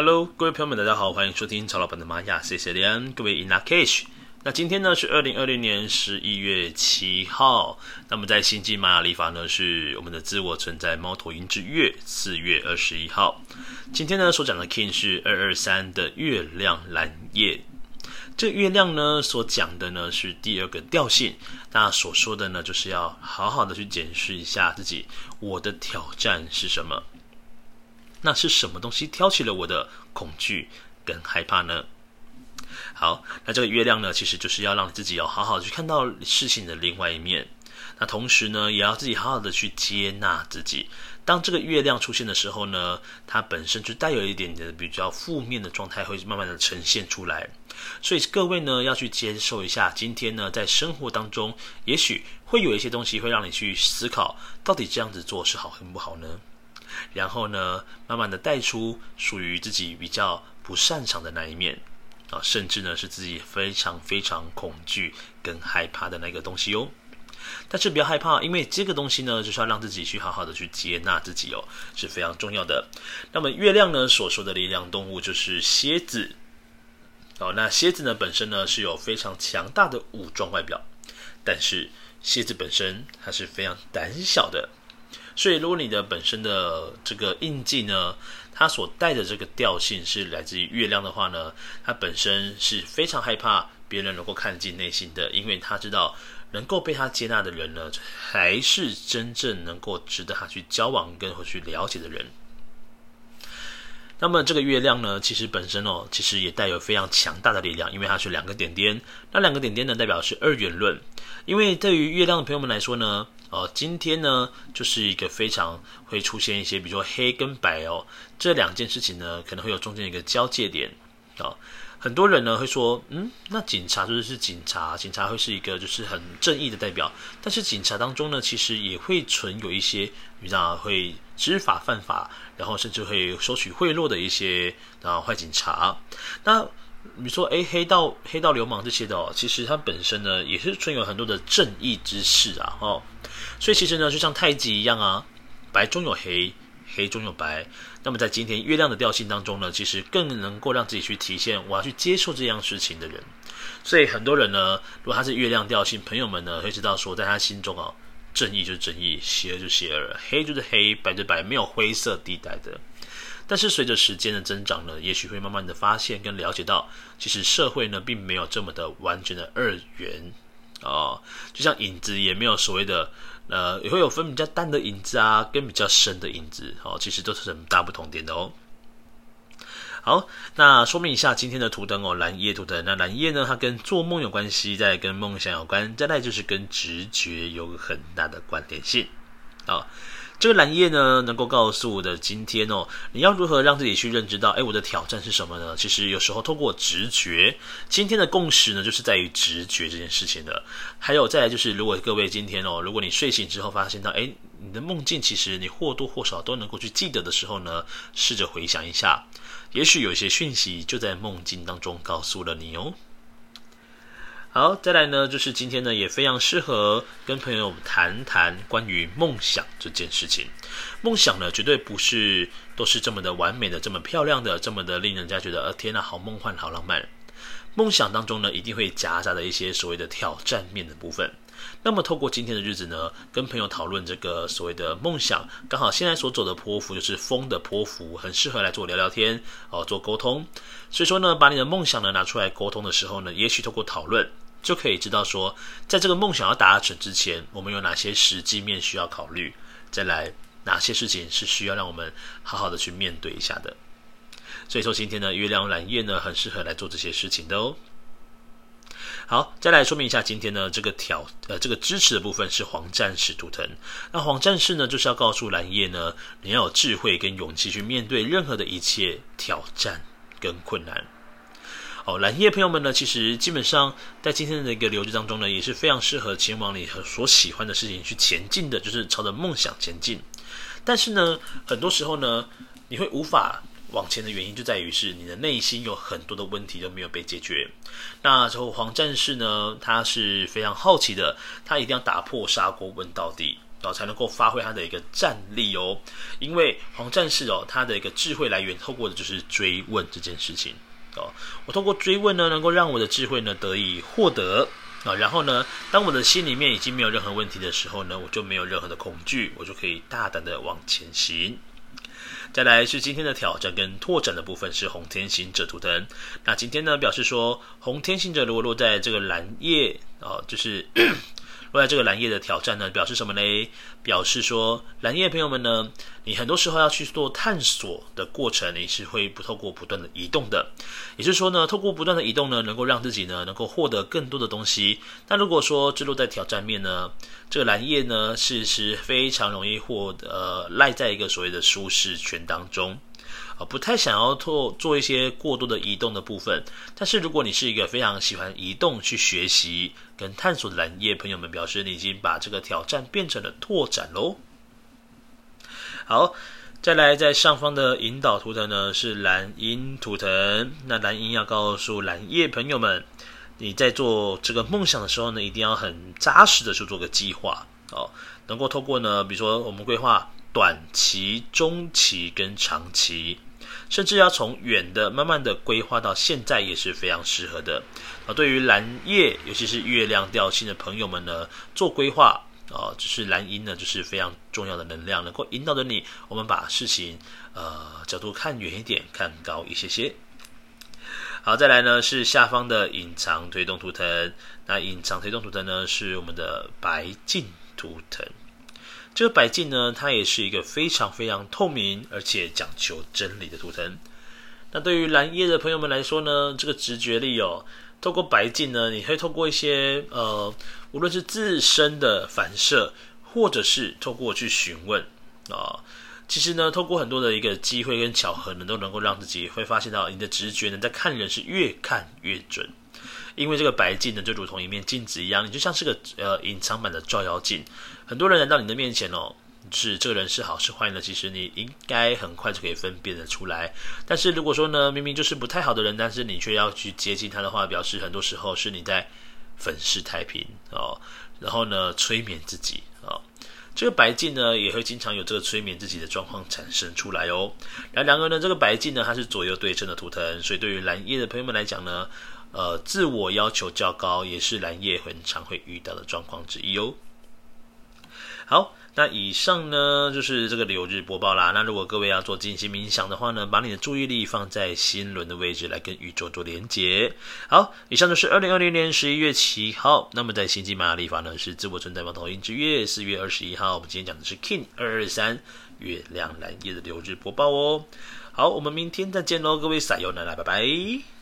Hello，各位朋友們，大家好，歡迎收聽曹老板的瑪雅 CC 連，各位 In Lak'ech。那今天呢是二零二零年十一月七號，那麼在星際瑪雅曆法呢是我們的自我存在貓頭鷹之月四月二十一號。今天呢所講的 Kin 是二二三的月亮藍夜。這個、月亮呢所講的呢是第二個調性，那所說的呢就是要好好的去檢視一下自己，我的挑戰是什麼。那是什麼東西挑起了我的恐懼跟害怕呢？好，那這個月亮呢，其實就是要讓自己要、哦、好好的去看到事情的另外一面。那同時呢，也要自己好好的去接納自己。當這個月亮出現的時候呢，它本身就帶有一點的比較負面的狀態，會慢慢的呈現出來。所以各位呢，要去接受一下，今天呢，在生活當中，也許會有一些東西會讓你去思考，到底這樣子做是好跟不好呢？然後呢，慢慢的帶出屬於自己比較不擅長的那一面啊、哦，甚至呢是自己非常非常恐懼跟害怕的那個東西喲、哦。但是不要害怕，因為這個東西呢，就是要讓自己去好好的去接納自己哦，是非常重要的。那麼月亮呢，所說的力量動物就是蠍子。好、哦，那蠍子呢本身呢是有非常強大的武裝外表，但是蠍子本身它是非常膽小的。所以，如果你的本身的這個印記呢，它所帶的這個調性是來自於月亮的話呢，它本身是非常害怕別人能夠看進內心的，因為他知道能夠被他接納的人呢，才是真正能夠值得他去交往跟或去了解的人。那麼，這個月亮呢，其實本身哦，其實也帶有非常強大的力量，因為它是兩個點點，那兩個點點呢，代表是二元論。因為對於月亮的朋友們來說呢，哦，今天呢，就是一個非常會出現一些，比如說黑跟白哦，這兩件事情呢，可能會有中間一個交界點。哦，很多人呢會說，嗯，那警察就是警察，警察會是一個就是很正義的代表，但是警察當中呢，其實也會存有一些，那會知法犯法，然後甚至會收取賄賂的一些啊壞警察。那你說，哎，黑道、黑道流氓這些的哦，其實它本身呢，也是存有很多的正義之士啊，哦，所以其實呢，就像太極一樣啊，白中有黑，黑中有白。那麼在今天月亮的調性當中呢，其實更能夠讓自己去體現，我要去接受這樣事情的人。所以很多人呢，如果他是月亮調性，朋友們呢會知道說，在他心中哦，正義就是正義，邪惡就邪惡，黑就是黑，白就白，沒有灰色地帶的。但是隨着時間的增長呢，也許會慢慢的發現跟了解到，其實社會呢並沒有這麼的完全的二元，哦，就像影子也沒有所謂的，呃，也會有分比較淡的影子啊，跟比較深的影子，哦，其實都是很大不同點的哦。好，那說明一下今天的圖騰哦，藍夜圖騰。那藍夜呢，它跟做夢有關係，再來跟夢想有關，再來就是跟直覺有很大的關聯性，啊、哦。這個藍夜呢，能夠告訴我的今天哦，你要如何讓自己去認知到？哎，我的挑戰是什麼呢？其實有時候透過直覺，今天的共識呢，就是在於直覺這件事情的。還有再來就是，如果各位今天哦，如果你睡醒之後發現到，哎，你的夢境其實你或多或少都能夠去記得的時候呢，試着回想一下，也許有些訊息就在夢境當中告訴了你哦。好，再來呢，就是今天呢也非常適合跟朋友談談關於夢想這件事情。夢想呢，絕對不是都是這麼的完美的，這麼漂亮的，這麼的令人家覺得，呃、哦，天吶，啊，好夢幻、好浪漫。夢想當中呢，一定會夾雜著一些所謂的挑戰面的部分。那麼，透過今天的日子呢，跟朋友討論這個所謂的夢想，剛好現在所走的波符就是風的波符，很適合來做聊聊天，啊、哦，做溝通。所以說呢，把你的夢想呢拿出來溝通的時候呢，也許透過討論。就可以知道說，在這個夢想要達成之前，我們有哪些實際面需要考慮，再來哪些事情是需要讓我們好好的去面對一下的。所以說今天呢，月亮藍夜呢，很適合來做這些事情的哦。好，再來說明一下，今天呢，這個挑呃這個支持的部分是黃戰士圖騰。那黃戰士呢，就是要告訴藍夜呢，你要有智慧跟勇氣去面對任何的一切挑戰跟困難。好、哦，藍夜朋友們呢，其實基本上在今天的一個流日當中呢，也是非常適合前往你所喜歡的事情去前進的，就是朝着夢想前進。但是呢，很多時候呢，你會無法往前的原因就在於是你的內心有很多的問題都沒有被解決。那之後，黃戰士呢，他是非常好奇的，他一定要打破砂鍋問到底，然後才能夠發揮他的一個戰力哦。因為黃戰士哦，他的一個智慧來源，透過的就是追問這件事情。哦、我通過追問呢，能夠讓我的智慧呢得以獲得啊、哦，然後呢，當我的心裡面已經沒有任何問題的時候呢，我就沒有任何的恐懼，我就可以大膽的往前行。再來是今天的挑戰跟拓展的部分，是紅天行者圖騰。那今天呢，表示說紅天行者如果落在這個藍夜哦，就是。 未來這個藍夜的挑戰呢，表示什麼嘞？表示說，藍夜的朋友們呢，你很多時候要去做探索的過程，你是會不透過不斷的移動的。也就是說呢，透過不斷的移動呢，能夠讓自己呢，能夠獲得更多的東西。但如果說墜落在挑戰面呢，這個藍夜呢，其實非常容易獲得、呃、賴在一個所謂的舒適圈當中。不太想要做做一些過多的移動的部分，但是如果你是一個非常喜歡移動去學習跟探索的藍夜朋友們，表示你已經把這個挑戰變成了拓展嘍。好，再來在上方的引導圖騰呢是藍鷹圖騰，那藍鷹要告訴藍夜朋友們，你在做這個夢想的時候呢，一定要很紮實的去做個計劃哦，能夠透過呢，比如說我們規劃短期、中期跟長期。甚至要從遠的慢慢的規劃到現在也是非常適合的啊！對於藍夜，尤其是月亮調性的朋友們呢，做規劃啊，只、就是藍鷹呢就是非常重要的能量，能夠引導着你，我們把事情呃角度看遠一點，看高一些些。好，再來呢是下方的隱藏推動圖騰，那隱藏推動圖騰呢是我們的白鏡圖騰。這個白鏡呢，它也是一個非常非常透明，而且講求真理的圖騰。那對於藍夜的朋友們來說呢，這個直覺力哦，透過白鏡呢，你可以透過一些呃，無論是自身的反射，或者是透過去詢問啊、呃，其實呢，透過很多的一個機會跟巧合呢，都能夠讓自己會發現到你的直覺呢，在看人是越看越準。因為這個白鏡呢，就如同一面鏡子一樣，你就像是個呃隱藏版的照妖鏡。很多人來到你的面前哦，是這個人是好是壞呢？其實你應該很快就可以分辨得出來。但是如果說呢，明明就是不太好的人，但是你卻要去接近他的話，表示很多時候是你在粉飾太平哦。然後呢，催眠自己哦，這個白鏡呢也會經常有這個催眠自己的狀況產生出來哦。然而呢，這個白鏡呢，它是左右對稱的圖騰，所以對於藍夜的朋友們來講呢。呃，自我要求較高，也是藍夜很常會遇到的狀況之一哦。好，那以上呢就是這個流日播報啦。那如果各位要做靜心冥想的話呢，把你的注意力放在心輪的位置，來跟宇宙做連結。好，以上就是二零二零年十一月七號。那麼在星際馬雅曆法呢，是自我存在光投影之月。四月二十一號，我們今天講的是 kin 二二三月亮藍夜的流日播報哦。好，我們明天再見嘍，各位撒由那拉，拜拜。